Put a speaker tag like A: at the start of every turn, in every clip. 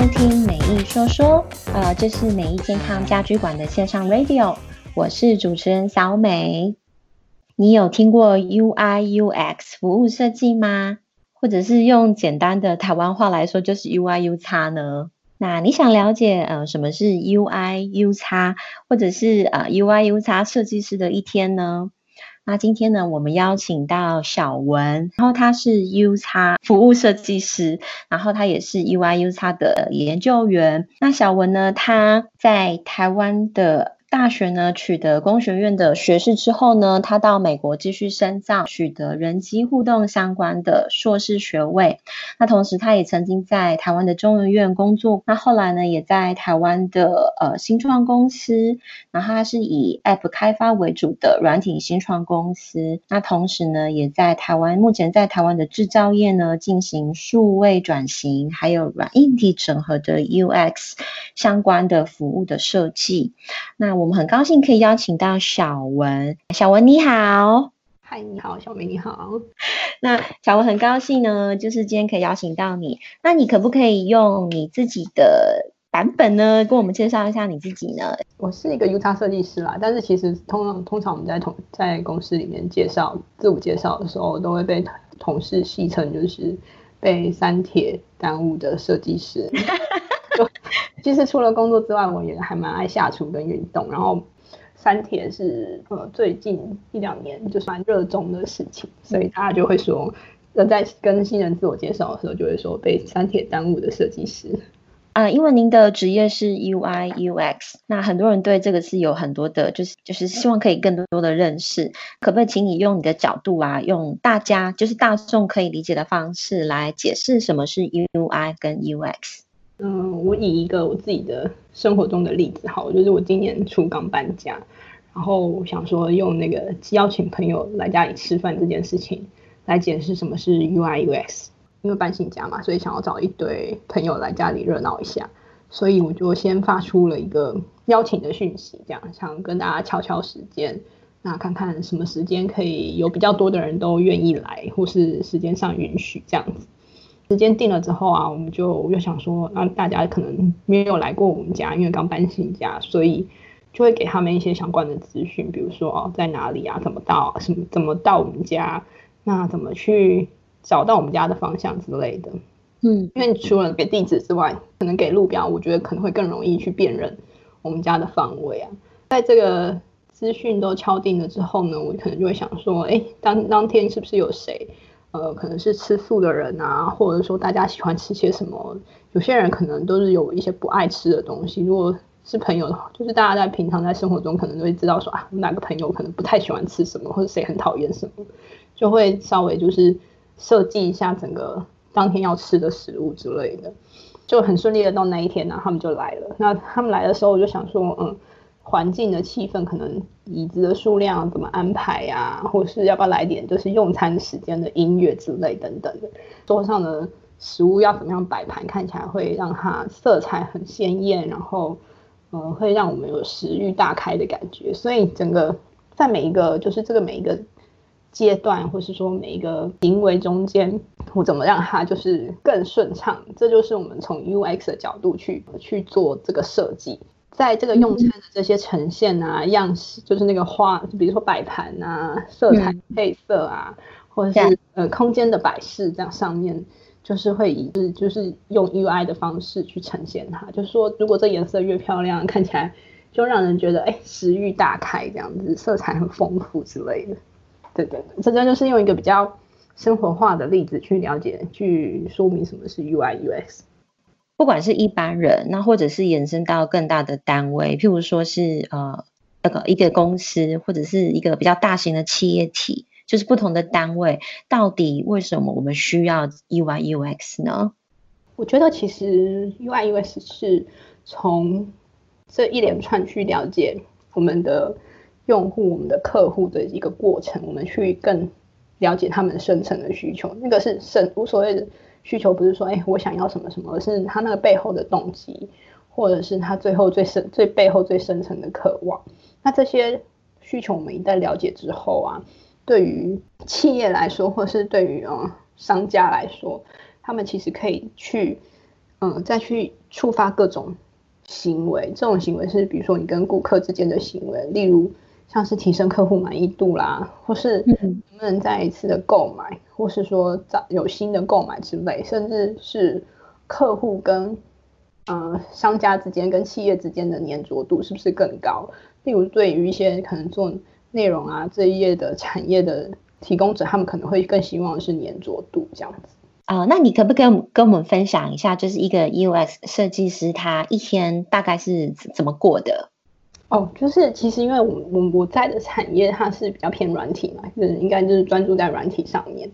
A: 收聽美意說說，呃，這是美意健康家居館的線上 radio，我是主持人小美。你有聽過 UI UX 服務設計嗎？或者是用簡單的台灣話來說，就是 UI UX 呢？那你想了解呃，什麼是 UI UX，或者是呃 UI UX 設計師的一天呢？那今天呢，我們邀請到曉雯，然後他是 UX 服務設計師，然後他也是 UIUX 的研究員。那曉雯呢，他在台灣的大學呢取得工學院的學士之後呢，他到美國繼續深造，取得人機互動相關的碩士學位。那同時，他也曾經在台灣的中研院工作。那後來呢，也在台灣的呃新創公司，然後他是以 App 開發為主的軟體新創公司。那同時呢，也在台灣目前在台灣的製造業呢進行數位轉型，還有軟硬體整合的 UX 相關的服務的設計。那我們很高興可以邀請到曉雯，曉雯你好，
B: 嗨你好，小美你
A: 好。那曉雯很高興呢，就是今天可以邀請到你。那你可不可以用你自己的版本呢，跟我們介紹，一下你自己呢？我是一個 UX
B: 設計師啦，但是其實通常通常我們在同在公司裡面介紹自我介紹的時候，都會被同事戲稱就是被三鐵耽誤的設計師。 就其實除了工作之外，我也還蠻愛下廚跟運動。然後三鐵是呃最近一兩年就蠻熱衷的事情，所以大家就會說，那在跟新人自我介紹的時候，就會說被三鐵耽誤的設計師。
A: 啊、呃，因為您的職業是 UI UX，那很多人對這個是有很多的，就是就是希望可以更多的認識。可不可以請你用你的角度啊，用大家就是大眾可以理解的方式來解釋什麼是 UI 跟 UX？嗯，我以一個我自己的生活中的例子，哈，就是我今年初剛
B: 搬家，然後我想說用那個邀請朋友來家裡吃飯這件事情來解釋什麼是 UIUX。因為搬新家嘛，所以想要找一堆朋友來家裡熱鬧一下，所以我就先發出了一個邀請的訊息，這樣想跟大家敲敲時間，那看看什麼時間可以有比較多的人都願意來，或是時間上允許這樣子。時間定了之後啊，我們就又想說，那大家可能沒有來過我們家，因為剛搬新家，所以就會給他們一些相關的資訊，比如說哦，在哪裡啊，怎麼到什麼，怎麼到我們家，那怎麼去找到我們家的方向之類的。嗯，因為除了給地址之外，可能給路標，我覺得可能會更容易去辨認我們家的方位啊。在這個資訊都敲定了之後呢，我可能就會想說，誒，當當天是不是有誰？呃，可能是吃素的人啊，或者說大家喜歡吃些什麼？有些人可能都是有一些不愛吃的東西。如果是朋友的話，就是大家在平常在生活中可能就會知道說啊，哪個朋友可能不太喜歡吃什麼，或者誰很討厭什麼，就會稍微就是設計一下整個當天要吃的食物之類的，就很順利的到那一天呢，他們就來了。那他們來的時候，我就想說，嗯。環境的氣氛，可能椅子的數量怎麼安排呀，或是要不要來點就是用餐時間的音樂之類等等的。桌上的食物要怎麼樣擺盤，看起來會讓它色彩很鮮豔，然後嗯，會讓我們有食欲大開的感覺。所以整個在每一個就是這個每一個階段，或是說每一個行為中間，我怎麼讓它就是更順暢？這就是我們從 UX 的角度去去做這個設計。在這個用餐的這些呈現啊、嗯、樣式，就是那個花，就比如說擺盤啊，色彩配色啊，嗯、或者是、嗯、呃空間的擺飾這樣上面，就是會以就是用 UI 的方式去呈現它。就是說，如果這顏色越漂亮，看起來就讓人覺得哎食欲大開這樣子，色彩很豐富之類的。對對，對，這這就是用一個比較生活化的例子去了解去說明什麼是 UI UX
A: 不管是一般人，那或者是延伸到更大的單位，譬如說是呃那個一個公司或者是一個比較大型的企業體，就是不同的單位，到底為什麼我們需要 UI UX 呢？
B: 我覺得其實 UI UX 是從這一連串去了解我們的用戶、我們的客戶的一個過程，我們去更了解他們深層的需求，那個是深，無所謂的。需求不是說，哎、欸，我想要什麼什麼，而是他那個背後的動機，或者是他最後最深、最背後最深層的渴望。那這些需求我們一旦了解之後啊，對於企業來說，或是對於嗯、哦、商家來說，他們其實可以去，嗯，再去觸發各種行為。這種行為是，比如說你跟顧客之間的行為，例如。像是提升客戶滿意度啦，或是能不能再一次的購買、嗯，或是說找有新的購買之類，甚至是客戶跟呃商家之間、跟企業之間的粘着度，是不是更高？例如，對於一些可能做內容啊這一業的產業的提供者，他們可能
A: 會更希望是粘着度這樣子。啊、呃，那你可不可以跟我們分享一下，就是一個 UX 設計師他一天大概是怎麼過的？哦，就是
B: 其實因為我們我我在的產業它是比較偏軟體嘛，就是應該就是專注在軟體上面，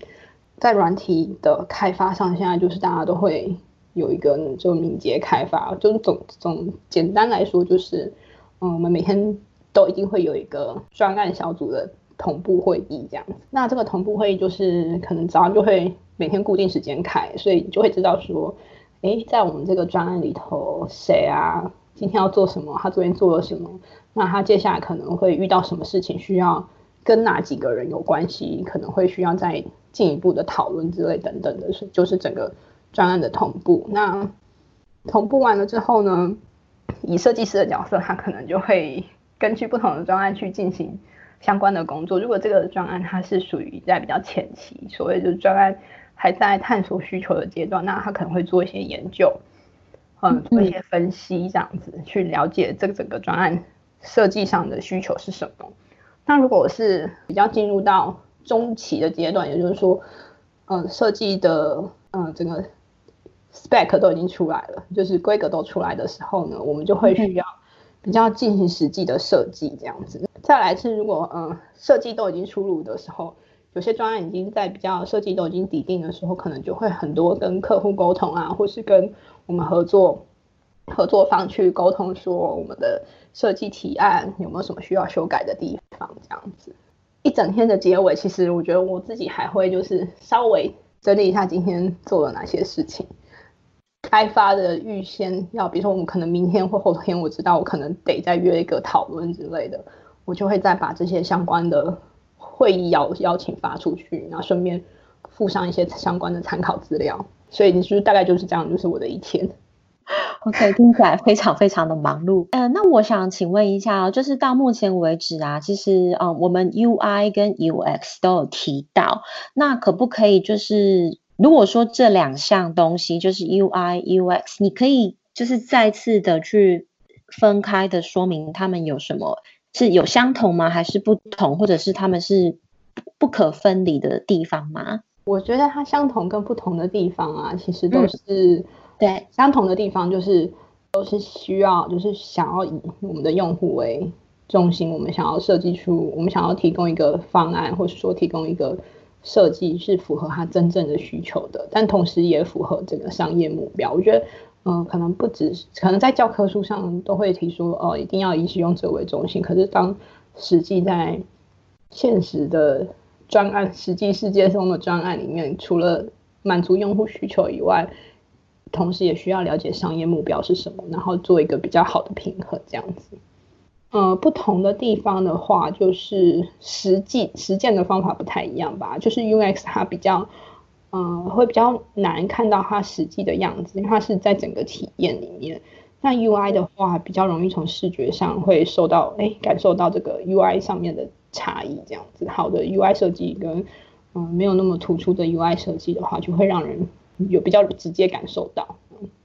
B: 在軟體的開發上，現在就是大家都會有一個就敏捷開發，就總總簡單來說就是，嗯，我們每天都一定會有一個專案小組的同步會議這樣子。那這個同步會議就是可能早上就會每天固定時間開，所以就會知道說，誒，在我們這個專案裡頭誰啊？今天要做什麼？他昨天做了什麼？那他接下來可能會遇到什麼事情？需要跟哪幾個人有關係？可能會需要再進一步的討論之類等等的，是就是整個專案的同步。那同步完了之後呢，以設計師的角色，他可能就會根據不同的專案去進行相關的工作。如果這個專案它是屬於在比較前期，所謂就專案還在探索需求的階段，那他可能會做一些研究。嗯，做一些分析，這樣子去了解這個整個專案設計上的需求是什麼。那如果是比較進入到中期的階段，也就是說，嗯，設計的嗯整個 spec 都已經出來了，就是規格都出來的時候呢，我們就會需要比較進行實際的設計，這樣子。再來是如果嗯設計都已經出爐的時候。有些專案已經在比較設計都已經底定的時候，可能就會很多跟客戶溝通啊，或是跟我們合作合作方去溝通，說我們的設計提案有沒有什麼需要修改的地方，這樣子。一整天的結尾，其實我覺得我自己還會就是稍微整理一下今天做了哪些事情，開發的預先要，比如說我們可能明天或後天，我知道我可能得再約一個討論之類的，我就會再把這些相關的。會議邀邀請發出去，然後順便附上一些相關的參考資料，所以你是不是大概就是這樣，就是我的一天。
A: OK，聽起來非常非常的忙碌。嗯、 uh，那我想請問一下哦，就是到目前為止啊，其實啊，uh, 我們 UI 跟 UX 都有提到，那可不可以就是如果說這兩項東西就是 UI UX，你可以就是再次的去分開的說明他們有什麼？是有相同嗎？還是不同？或者是他們是不可分離的地方嗎？
B: 我覺得它相同跟不同的地方啊，其實都是、嗯、對，相同的地方，就是都是需要，就是想要以我們的用戶為中心，我們想要設計出，我們想要提供一個方案，或者說提供一個設計是符合他真正的需求的，但同時也符合這個商業目標。我覺得。嗯，可能不止，可能在教科書上都會提出，哦，一定要以使用者為中心。可是當實際在現實的專案、實際世界中的專案裡面，除了滿足用戶需求以外，同時也需要了解商業目標是什麼，然後做一個比較好的平衡，這樣子。呃、嗯，不同的地方的話，就是實際實踐的方法不太一樣吧，就是 UX 它比較。嗯，會比較難看到它實際的樣子，因為它是在整個體驗裡面。那 UI 的話，比較容易從視覺上會受到，哎，感受到這個 UI 上面的差異。這樣子，好的 UI 設計跟嗯沒有那麼突出的 UI 設計的話，就會讓人有比較直接感受到。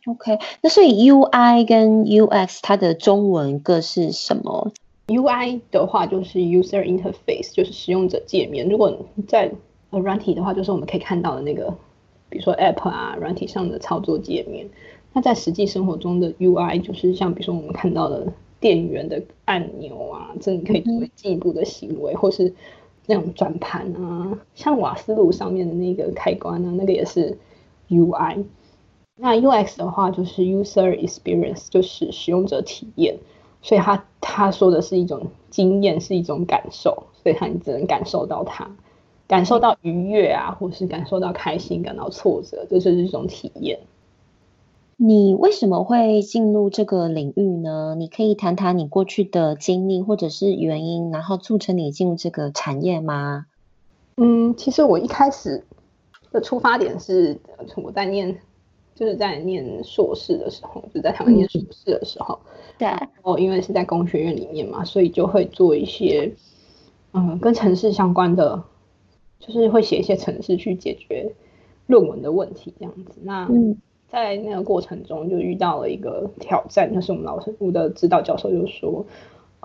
A: OK，那所以 UI 跟 UX 它的中文各是什麼
B: ？UI 的話就是 User Interface，就是使用者界面。如果你在呃，軟體的話，就是我們可以看到的那個，比如說 App 啊，軟體上的操作界面。那在實際生活中的 UI，就是像比如說我們看到的電源的按鈕啊，這你可以作為進一步的行為，嗯、或是那種轉盤啊，像瓦斯爐上面的那個開關啊，那個也是 UI。那 UX 的話，就是 User Experience，就是使用者體驗。所以他他說的是一種經驗，是一種感受，所以他你只能感受到它。感受到愉悅啊，或是感受到開心，感到挫折，這就是一種體驗。
A: 你為什麼會進入這個領域呢？你可以談談你過去的經歷，或者是原因，然後促成你進入這個產業嗎？嗯，其實我一開
B: 始的出發點是我在念，就是在念碩士的時候，就是、在他們念碩士的時候，對、嗯。然後因為是在工學院裡面嘛，所以就會做一些嗯跟程式相關的。就是會寫一些程式去解決論文的問題，這樣子。那在那個過程中就遇到了一個挑戰，就是我們老師，我的指導教授就說，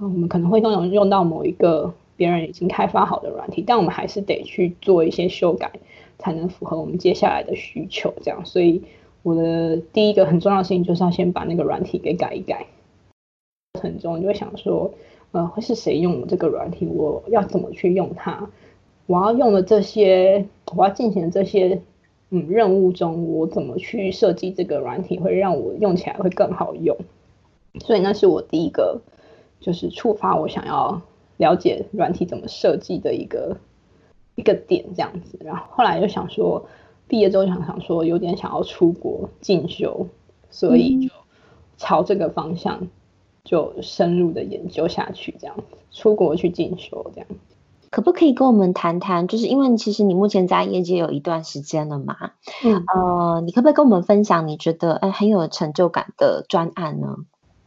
B: 嗯，我們可能會用到某一個別人已經開發好的軟體，但我們還是得去做一些修改，才能符合我們接下來的需求。這樣，所以我的第一個很重要的事情就是要先把那個軟體給改一改。過程中就會想說，呃，會是誰用這個軟體？我要怎麼去用它？我要用的這些，我要進行這些，嗯，任務中我怎麼去設計這個軟體會讓我用起來會更好用。所以那是我第一個，就是觸發我想要了解軟體怎麼設計的一個一個點這樣子。然後後來就想說，畢業之後想想說有點想要出國進修，所以就朝這個方向就深入的研究下去，這樣子，
A: 出國去進修這樣。可不可以跟我們談談？就是因為其實你目前在業界有一段時間了嘛，嗯，呃，你可不可以跟我們分享你覺得誒很有成就感的專案呢？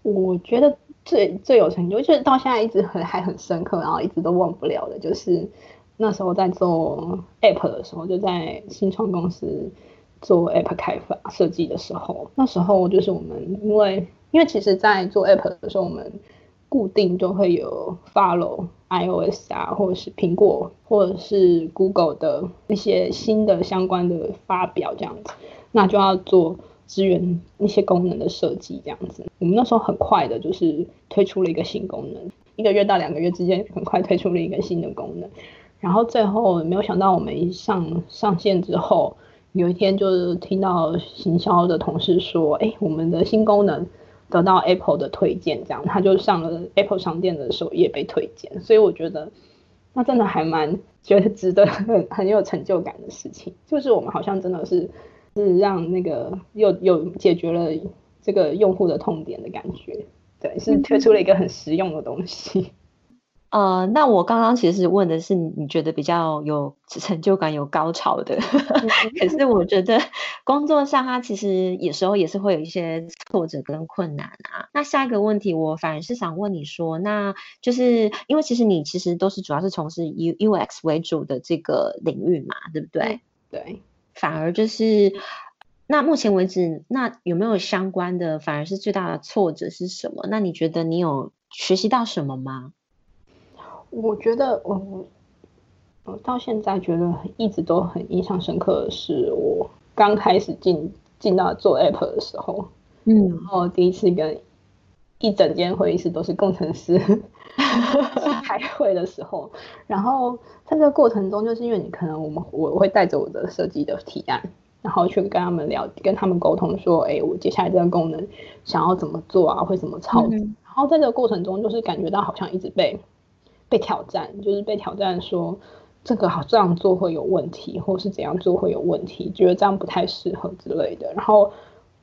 A: 我覺得最最有成就，就是到現在一直很
B: 還很深刻，然後一直都忘不了的，就是那時候在做 app 的時候，就在新創公司做 app 開發設計的時候，那時候就是我們因為因為其實在做 app 的時候，我們固定都會有 follow。iOS 啊，或者是蘋果，或者是 Google 的一些新的相關的發表這樣子，那就要做支援一些功能的設計這樣子。我們那時候很快的，就是推出了一個新功能，一個月到兩個月之間，很快推出了一個新的功能。然後最後沒有想到，我們一上上線之後，有一天就是聽到行銷的同事說：“哎、欸，我們的新功能。”得到 Apple 的推薦，這樣他就上了 Apple 商店的首頁被推薦，所以我覺得那真的還蠻覺得值得很很有成就感的事情，就是我們好像真的是是讓那個又又解決了這個用戶的痛點的感覺，對，是推出了一個很實用的東西。嗯
A: 呃，那我剛剛其實問的是，你覺得比較有成就感、有高潮的。 可是我覺得工作上，它其實有時候也是會有一些挫折跟困難啊。那下一個問題，我反而是想問你說，那就是因為其實你其實都是主要是從事 U U X 為主的這個領域嘛，對不對？對，對，反而就是那目前為止，那有沒有相關的反而是最大的挫折是什麼？那你覺得你有學習到什麼嗎？
B: 我覺得我，我我到現在覺得一直都很印象深刻的是，我剛開始進進到做 APP 的時候，嗯，然後第一次跟一整間會議室都是工程師開 會的時候，然後在這個過程中，就是因為你可能我們我會帶着我的設計的提案，然後去跟他們聊，跟他們溝通說，哎，我接下來這個功能想要怎麼做啊，會怎麼操作，嗯，然後在這個過程中，就是感覺到好像一直被。被挑戰，就是被挑戰說這個好這樣做會有問題，或是怎樣做會有問題，覺得這樣不太適合之類的。然後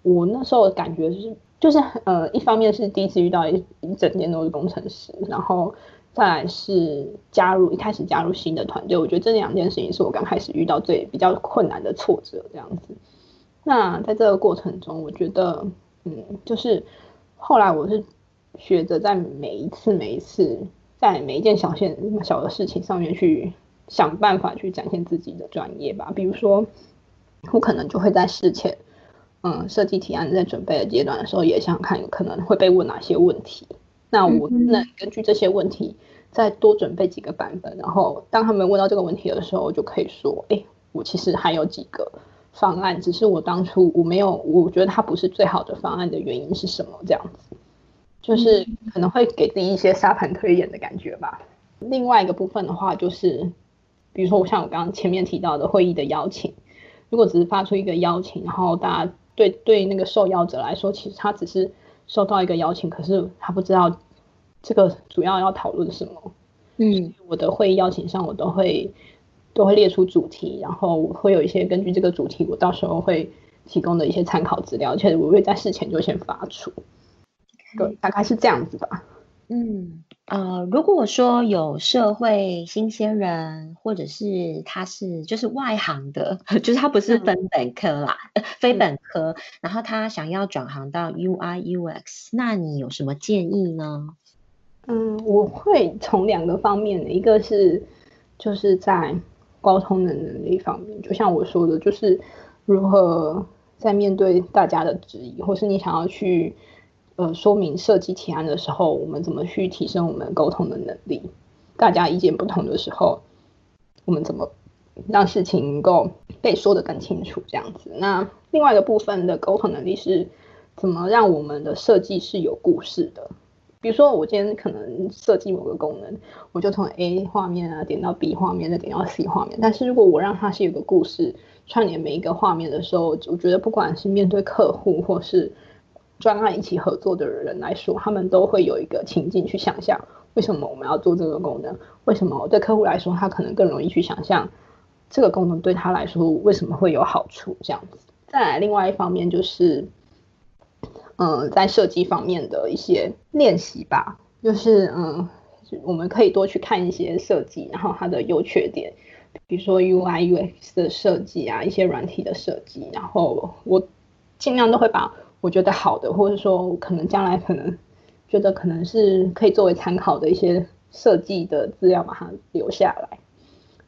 B: 我那時候感覺就是，就是呃，一方面是第一次遇到一一整天都是工程師，然後再來是加入一開始加入新的團隊，我覺得這兩件事情是我剛開始遇到最比較困難的挫折這樣子。那在這個過程中，我覺得嗯，就是後來我是學着在每一次每一次。在每一件小事小的事情上面去想辦法去展現自己的專業吧。比如說，我可能就會在事前，嗯，設計提案在準備的階段的時候，也想看可能會被問哪些問題。那我能根據這些問題再多準備幾個版本，嗯、然後當他們問到這個問題的時候，我就可以說，哎，我其實還有幾個方案，只是我當初我沒有，我覺得它不是最好的方案的原因是什麼？這樣子。就是可能會給自己一些沙盤推演的感覺吧。另外一個部分的話，就是比如說我像我剛剛前面提到的會議的邀請，如果只是發出一個邀請，然後大家對對那個受邀者來說，其實他只是收到一個邀請，可是他不知道這個主要要討論什麼。嗯，我的會議邀請上我都會都會列出主題，然後我會有一些根據這個主題，我到時候會提供的一些參考資料，而且我會在事前就
A: 先發出。對，大概是這樣子的。嗯，呃，如果說有社會新鮮人，或者是他是就是外行的，就是他不是本本科啦，嗯，非本科，嗯，然後他想要轉行到 UIUX，那你有什麼建議呢？嗯，我會
B: 從兩個方面，一個是就是在溝通的能力一方面，就像我說的，就是如何在面對大家的質疑，或是你想要去。呃，說明設計提案的時候，我們怎麼去提升我們溝通的能力？大家意見不同的時候，我們怎麼讓事情能夠被說得更清楚？這樣子。那另外一個部分的溝通能力是，怎麼讓我們的設計是有故事的？比如說，我今天可能設計某個功能，我就從 A 畫面啊點到 B 畫面，再點到 C 畫面。但是如果我讓它是有個故事串聯每一個畫面的時候，我覺得不管是面對客戶或是專案一起合作的人來說，他們都會有一個情境去想象，為什麼我們要做這個功能？為什麼對客戶來說，他可能更容易去想象這個功能對他來說為什麼會有好處？這樣子。再來另外一方面，就是嗯，在設計方面的一些練習吧，就是嗯，我們可以多去看一些設計，然後它的優缺點，比如說 UI、UX 的設計啊，一些軟體的設計，然後我盡量都會把，我覺得好的，或者說可能將來可能覺得可能是可以作為參考的一些設計的資料，把它留下來。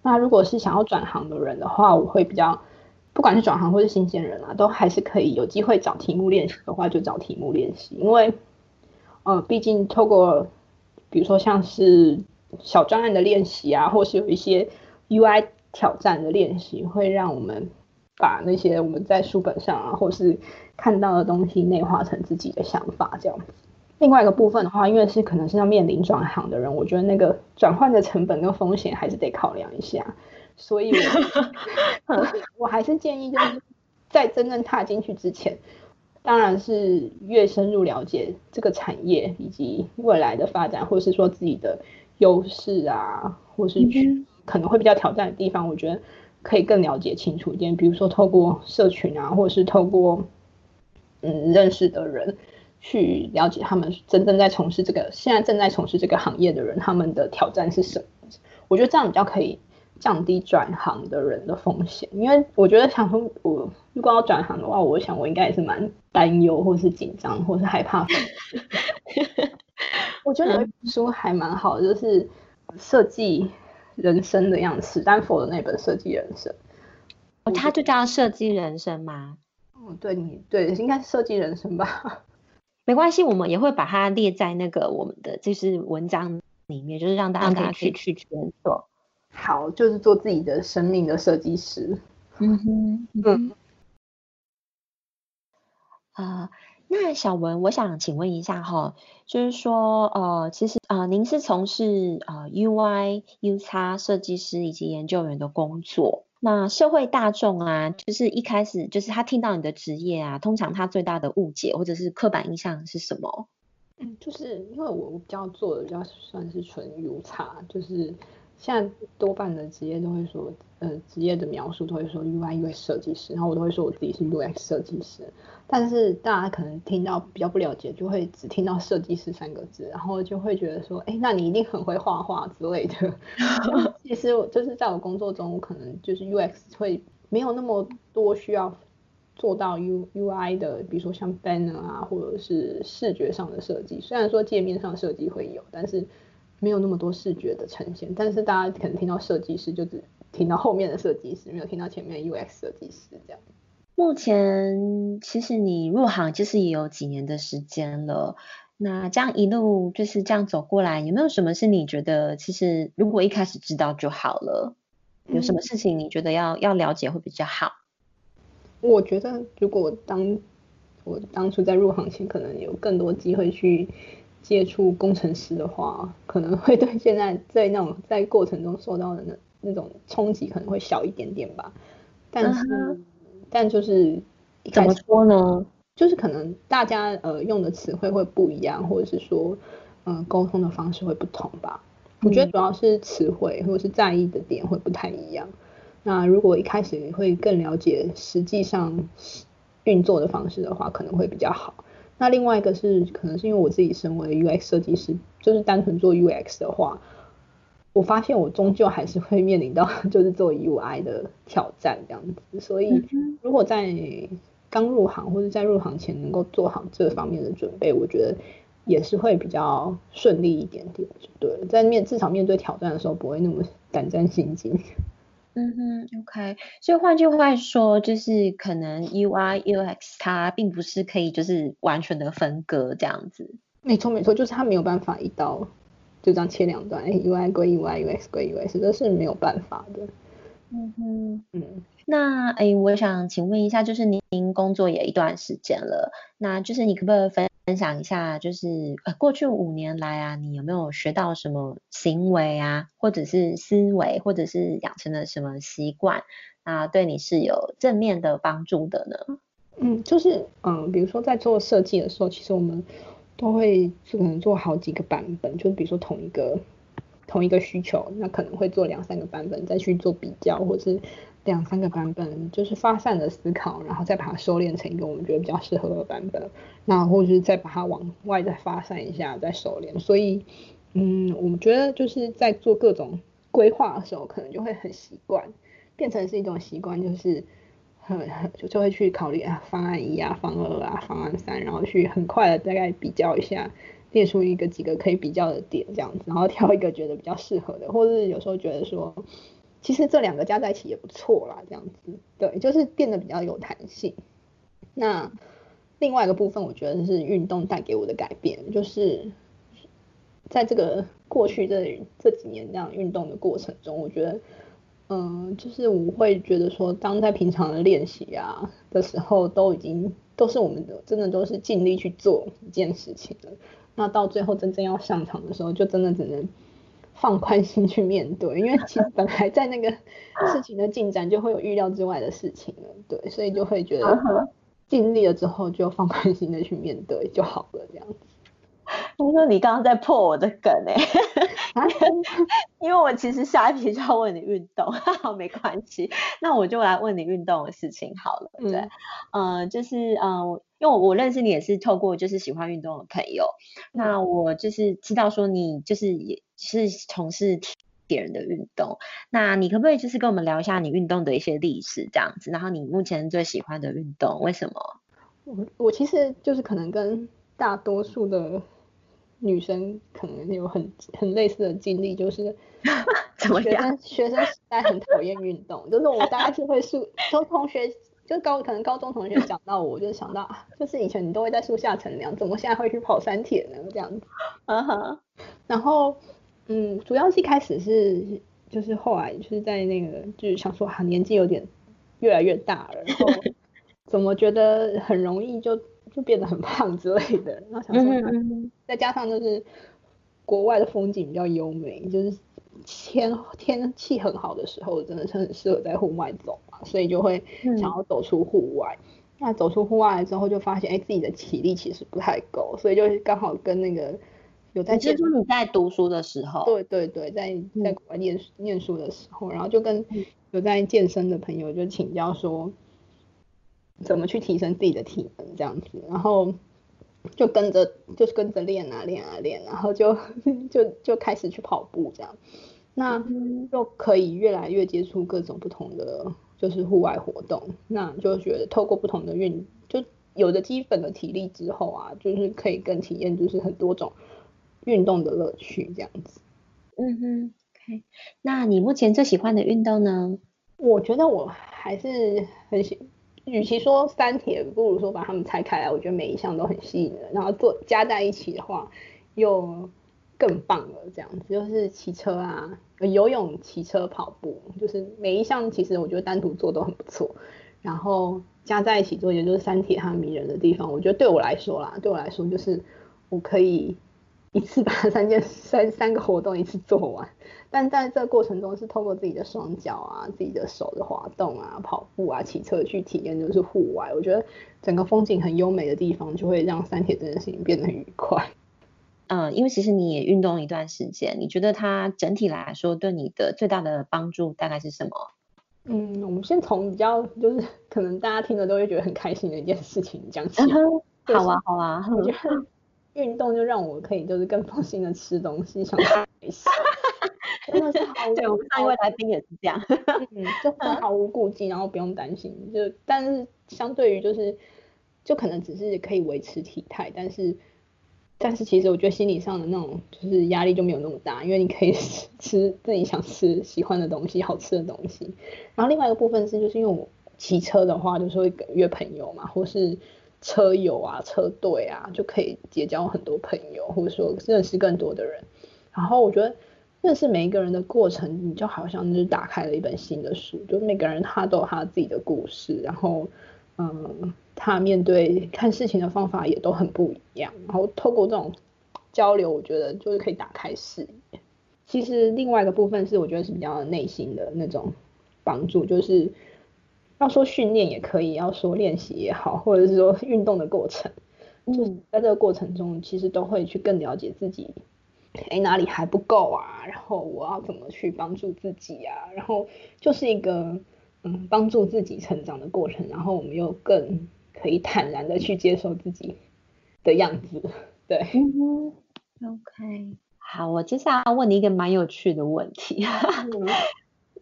B: 那如果是想要轉行的人的話，我會比較，不管是轉行或是新鮮人啊，都還是可以有機會找題目練習的話，就找題目練習，因為呃，畢竟透過比如說像是小專案的練習啊，或是有一些 UI 挑戰的練習，會讓我們把那些我們在書本上啊，或是看到的東西內化成自己的想法，這樣。另外一個部分的話，因為是可能是要面臨轉行的人，我覺得那個轉換的成本跟風險還是得考量一下。所以， 我還是建議就是在真正踏進去之前，當然是越深入了解這個產業以及未來的發展，或是說自己的優勢啊，或是可能會比較挑戰的地方，我覺得可以更了解清楚一點。比如說，透過社群啊，或者是透過。嗯，認識的人去了解他們真正在從事這個，現在正在從事這個行業的人，他們的挑戰是什麼？我覺得這樣比較可以降低轉行的人的風險，因為我覺得想說我如果要轉行的話，我想我應該也是蠻擔憂，或是緊張，或是害怕。 我覺得那本書還蠻好的，嗯，就是設計人生的樣子，史丹佛的那本設計人生，
A: 它，哦，就叫設計人生嗎？對，你對，應該是設計人生吧？沒關係，我們也會把它列在那個我們的就是文章裡面，就是讓大家大家去去去做，
B: 好，就是做自己的生命的設計師。
A: 嗯哼，嗯。啊、嗯，uh, 那曉雯，我想請問一下哈，就是說呃，其實啊、呃，您是從事呃 UI、UX 設計師以及研究員的工作。那社會大眾啊，就是一開始就是他聽到你的職業啊，通常他最大的誤解或者是刻板印象是什麼？嗯，
B: 就是因為我比較做的比較算是純 UX，就是。現在多半的職業都會說，呃，職業的描述都會說 UI UX 設計師，然後我都會說我自己是 UX 設計師，但是大家可能聽到比較不了解，就會只聽到設計師三個字，然後就會覺得說，哎，那你一定很會畫畫之類的。 其實就是在我工作中，我可能就是 UX 會沒有那麼多需要做到 UI 的，比如說像 banner 啊，或者是視覺上的設計，雖然說界面上的設計會有，但是。沒有那麼多視覺的呈現，但是大家可能聽到設計師，就只聽到後面的設計師，沒有聽到前面的 UX 設計師這樣。
A: 目前其實你入行其實也有幾年的時間了，那這樣一路就是這樣走過來，有沒有什麼是你覺得其實如果一開始知道就好了？嗯、有什麼事情你覺得要要了解會比較好？
B: 我覺得如果我當我當初在入行前，可能有更多機會去。接觸工程師的話，可能會對現在在那種在過程中受到的那那種衝擊可能會小一點點吧。但是，Uh-huh. 但就是怎麼說呢？就是可能大家呃用的詞彙會不一樣，或者是說嗯、呃、溝通的方式會不同吧。嗯、我覺得主要是詞彙或者是在意的點會不太一樣。那如果一開始你會更了解實際上運作的方式的話，可能會比較好。那另外一個是，可能是因為我自己身為 UX 設計師，就是單純做 UX 的話，我發現我終究還是會面臨到就是做 UI 的挑戰這樣子。所以如果在剛入行或者在入行前能夠做好這方面的準備，我覺得也是會比較順利一點點就對了，對，在面
A: 至少面對挑戰的時候不會那麼膽戰心驚。嗯哼，OK，所以換句話說，就是可能 UI UX 它並不是可以就是完全的分割這樣子。
B: 沒錯沒錯，就是它沒有辦法一刀就這樣切兩段，
A: 欸，UI，UI 歸 UI，UX 歸 UX，這是沒有辦法的。嗯哼，
B: 嗯，
A: 那誒，欸，我想請問一下，就是您工作也一段時間了，那就是你可不可以分？分享一下，就是過去五年來啊，你有沒有學到什麼行為啊，或者是思維，或者是養成了什麼習慣啊，對你是有正面的幫助的呢？嗯，就是嗯、呃，比如說在做設計的
B: 時候，其實我們都會可能做好幾個版本，就比如說同一個同一個需求，那可能會做兩三個版本，再去做比較，或是。兩三個版本，就是發散的思考，然後再把它收斂成一個我們覺得比較適合的版本，那或者是再把它往外再發散一下，再收斂。所以，嗯，我覺得就是在做各種規劃的時候，可能就會很習慣，變成是一種習慣，就是很就就會去考慮啊方案一啊方案二啊方案三，然後去很快的大概比較一下，列出一個幾個可以比較的點這樣子，然後挑一個覺得比較適合的，或者是有時候覺得說。其實這兩個加在一起也不錯啦，這樣子，對，就是變得比較有彈性。那另外一個部分，我覺得是運動帶給我的改變，就是在這個過去這這幾年這樣運動的過程中，我覺得，嗯、呃，就是我會覺得說，當在平常的練習啊的時候，都已經都是我們的真的都是盡力去做一件事情了，那到最後真正要上場的時候，就真的只能。真的放寬心去面對，因為其實本來在那個事情的進展就會有預料之外的事情了，對，所以就會覺得盡力了之後就放寬心的去面對就好了，這樣子。
A: 聽說你剛剛在破我的梗，哎、欸啊， 因為我其實下一題就要問你運動，沒關係，那我就來問你運動的事情好了，嗯、對，嗯、呃，就是嗯、呃，因為我，我認識你也是透過就是喜歡運動的朋友，那我就是知道說你就是也是從事鐵人的運動，那你可不可以就是跟我們聊一下你運動的一些歷史這樣子，然後你目前最喜歡的運動為什麼？我我其實
B: 就是可能跟大多數的。女生可能有很很類似的經歷，就是學生怎麼講？學生時代很討厭運動， 就是我大概是會樹，都同學就高，可能高中同學講到我，我就想到啊，就是以前你都會在樹下乘涼，怎麼現在會去跑三鐵呢？這樣子。Uh -huh. 然後，嗯，主要是一開始是，就是後來就是在那個就是想說啊，年紀有點越來越大了，然後怎麼覺得很容易就。就變得很胖之類的，然後想說嗯嗯嗯嗯，再加上就是國外的風景比較優美，就是天天氣很好的時候，真的是很適合在戶外走嘛，所以就會想要走出戶外，嗯。那走出戶外之後，就發現哎，欸，自己的體力其實不太夠，所以就是剛好跟那個有在，你是說你在讀書的時候？對對對，在在國外念，嗯、念書的時候，然後就跟有在健身的朋友就請教說。怎麼去提升自己的體能，這樣子，然後就跟着就是跟着練啊練啊練、啊，然後就 就就開始去跑步這樣，那就可以越來越接觸各種不同的就是戶外活動，那就覺得透過不同的運，就有著基本的體力之後啊，就是可以更體驗就是很多種運動的樂趣這樣子。嗯哼
A: ，OK。那你目前最喜歡的運動呢？我覺得我還
B: 是很喜歡。與其說三鐵，不如說把它們拆開來，我覺得每一項都很吸引人，然後做加在一起的話，又更棒了。這樣子就是騎車啊、游泳、騎車、跑步，就是每一項其實我覺得單獨做都很不錯，然後加在一起做，也就是三鐵它迷人的地方。我覺得對我來說啦，對我來說就是我可以。一次把三件三三個活動一次做完，但在這過程中是透過自己的雙腳啊、自己的手的滑動啊、跑步啊、騎車去體驗，就是戶外。我覺得整個風景很優美的地方，就會讓三鐵
A: 這件事情變得很愉快。嗯，因為其實你也運動一段時間，你覺得它整體來說對你的最大的幫助大概是什麼？嗯，我
B: 們先從比較就是可能大家聽了都會覺得很開心的一件事情講起。Uh -huh. uh -huh. 好啊，好啊。Uh -huh. 運動就讓我可以就是更放心的吃東西想，想吃東西真的是，對，我們上一位來賓也是這樣，嗯，就毫無顧忌， 然後不用擔心，就但是相對於就是，就可能只是可以維持體態，但是但是其實我覺得心理上的那種就是壓力就沒有那麼大，因為你可以吃，吃自己想吃、喜歡的東西，好吃的東西。然後另外一個部分是，就是因為我騎車的話，就是會約朋友嘛，或是。車友啊，車隊啊，就可以結交很多朋友，或者說認識更多的人。然後我覺得，認識每一個人的過程，你就好像就是打開了一本新的書，就每個人他都有他自己的故事，然後，嗯，他面對看事情的方法也都很不一樣。然後透過這種交流，我覺得就是可以打開視野。其實另外一個部分是，我覺得是比較內心的那種幫助，就是。要說訓練也可以，要說練習也好，或者是說運動的過程，嗯、就是在這個過程中，其實都會去更了解自己，誒哪裡還不夠啊？然後我要怎麼去幫助自己啊？然後就是一個嗯，幫助自己成長的過程。然後我們又更可以坦然的去接受自己的樣子，對。OK，
A: 好，我接下來要問你一個蠻有趣的問題。 嗯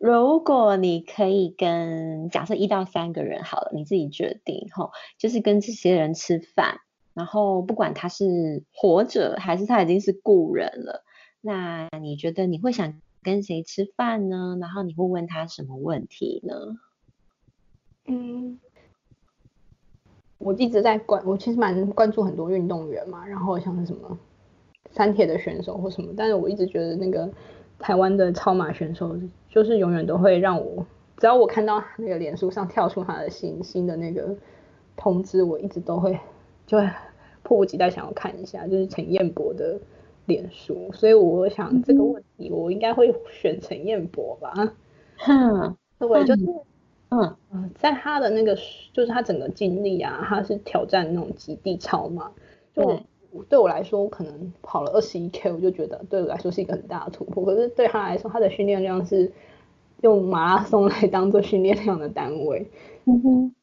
A: 如果你可以跟假設一到三個人好了，你自己決定吼，就是跟這些人吃飯，然後不管他是活着還是他已經是故人了，那你覺得你會想跟誰吃飯呢？然後你會問他什麼問題呢？嗯，我一直在關，我其實蠻關注很多運
B: 動員嘛，然後像什麼三鐵的選手或什麼，但是我一直覺得那個。台灣的超馬選手，就是永遠都會讓我，只要我看到那個臉書上跳出他的新新的那個通知，我一直都會就迫不及待想要看一下，就是陳彥博的臉書，所以我想這個問題我應該會選陳彥博吧。嗯，對，就是嗯，在他的那個就是他整個經歷啊，他是挑戰那種極地超馬，嗯、就。對我來說，我可能跑了 21K，我就覺得對我來說是一個很大的突破。可是對他來說，他的訓練量是用馬拉松來當做訓練量的單位。嗯哼，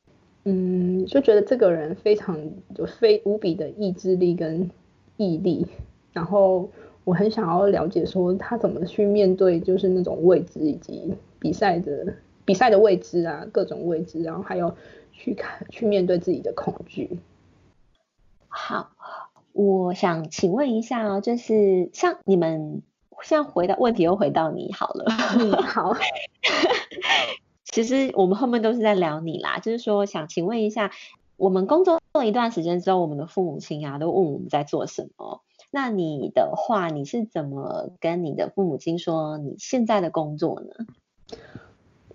B: 嗯，就覺得這個人非常就非無比的意志力跟毅力。然後我很想要了解說他怎麼去面對就是那種未知以及比賽的比賽的未知啊，各種未
A: 知，然後還有去看去面對自己的恐懼。好。我想請問一下哦，就是像你們，像回到問題又回到你好了。嗯、好， 其實我們後面都是在聊你啦，就是說想請問一下，我們工作了一段時間之後，我們的父母親啊都問我們在做什麼。那你的話，你是怎麼跟你的父母親說你現在的工作呢？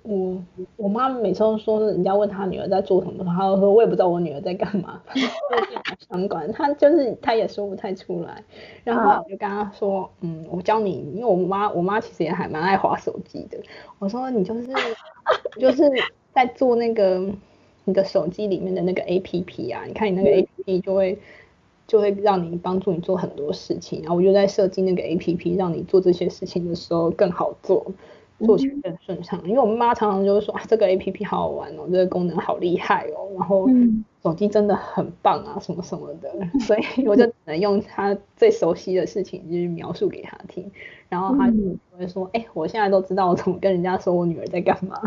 B: 我我媽每次都說，人家問她女兒在做什麼，她都說我也不知道我女兒在幹嘛。 我就想管她就是她也說不太出來。然後我就跟她說，嗯，我教你，因為我媽我媽其實也還蠻愛滑手機的。我說你就是就是在做那個你的手機裡面的那個 APP 啊，你看你那個 APP 就會就會讓你幫助你做很多事情。然後我就在設計那個 APP，讓你做這些事情的時候更好做。做起來更順暢，因為我媽常常就是說啊，這個 A P P 好好玩哦，這個功能好厲害哦，然後手機真的很棒啊，什麼什麼的，所以我就只能用她最熟悉的事情就是描述給她聽，然後她就
A: 會說，哎、欸，我現在都知道我怎麼跟人家說我女兒在幹嘛。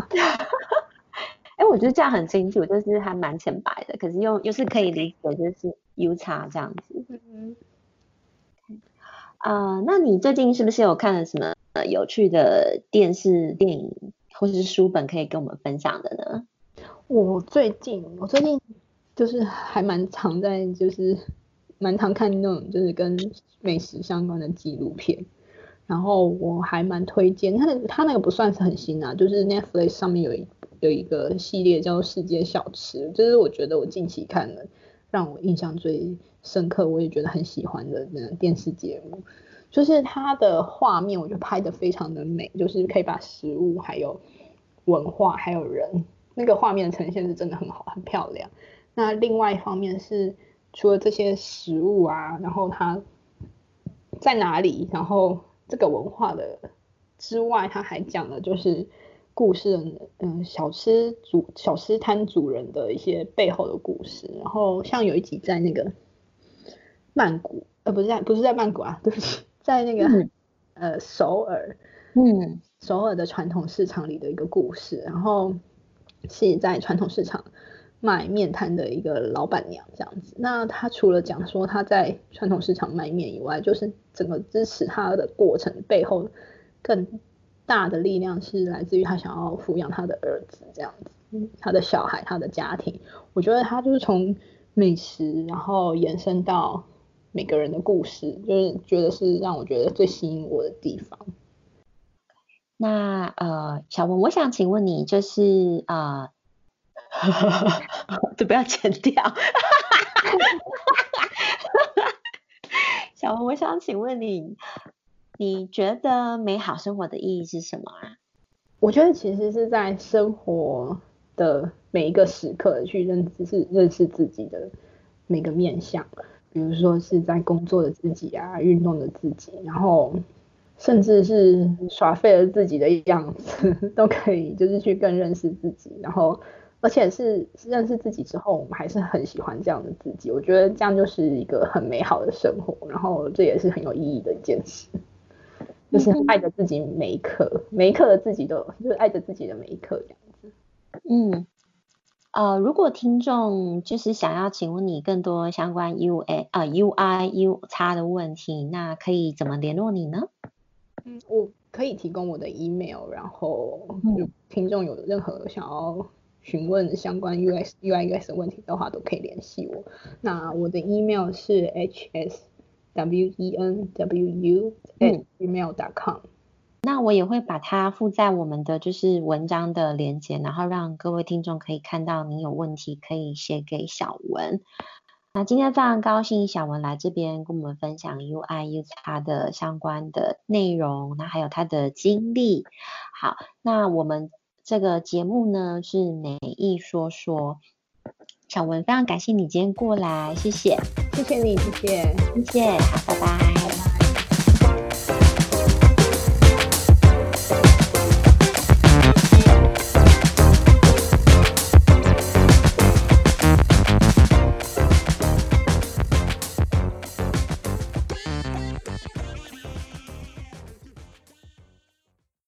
A: 哎、 欸，我覺得這樣很清楚，就是還蠻淺白的，可是又又是可以理解，就是 U 差這樣子。嗯。啊，那你最近是不是有看了什麼？呃，有趣的電視、電影或者是書本可以跟我們分享的呢？
B: 我最近，我最近就是還蠻常在，就是蠻常看那種就是跟美食相關的紀錄片。然後我還蠻推薦他的，他那個不算是很新啊，就是 Netflix 上面有一有一個系列叫《世界小吃》，就是我覺得我近期看了讓我印象最深刻，我也覺得很喜歡的那電視節目。就是它的畫面，我覺得拍得非常的美，就是可以把食物、還有文化、還有人那個畫面呈現是真的很好、很漂亮。那另外一方面是除了這些食物啊，然後它在哪裡，然後這個文化的之外，他還講了就是故事，嗯、呃，小吃主、小吃攤主人的一些背後的故事。然後像有一集在那個曼谷，呃，不是在不是在曼谷啊，對不起。在那個，嗯、呃，首爾，嗯，首爾的傳統市場裡的一個故事，然後是在傳統市場賣麵攤的一個老闆娘這樣子。那她除了講說她在傳統市場賣麵以外，就是整個支持她的過程背後更大的力量是來自於她想要撫養她的兒子這樣子，她的小孩，她的家庭。我覺得她就是從美食，然後延伸到。每個人的故事，就是覺得是讓我覺得最吸引我的地方。
A: 那呃，曉雯，我想請問你，就是啊，就、呃、 不要剪掉。 曉雯，我想請問你，你覺得美好生活的意義是什麼啊？
B: 我覺得其實是在生活的每一個時刻去認識、認識自己的每個面向。比如說是在工作的自己啊，運動的自己，然後甚至是耍廢了自己的樣子，都可以，就是去更認識自己。然後，而且是認識自己之後，我們還是很喜歡這樣的自己。我覺得這樣就是一個很美好的生活，然後這也是很有意義的一件事，就是愛着自己每一刻，每一刻的自己都就是愛着自己的每一刻這樣子。嗯。
A: 呃，如果聽眾就是想要請問你更多相關 U A 啊、呃、U I U X 的問題，那可以怎麼聯絡你呢？嗯，我
B: 可以提供我的 email，然後有聽眾有任何想要詢問相關 U S U I U X 的問題的話，都可以聯繫我。那我的 email 是
A: h s w e n w u at email dot com、嗯。那我也會把它附在我們的就是文章的連結，然後讓各位聽眾可以看到。你有問題可以寫給曉雯。那今天非常高興，曉雯來這邊跟我們分享 UIUX 的相關的內容，那還有他的經歷。好，那我們這個節目呢是每一說說。曉雯非常感謝你今天過來，謝謝，謝謝你，謝謝，謝謝，好，拜拜。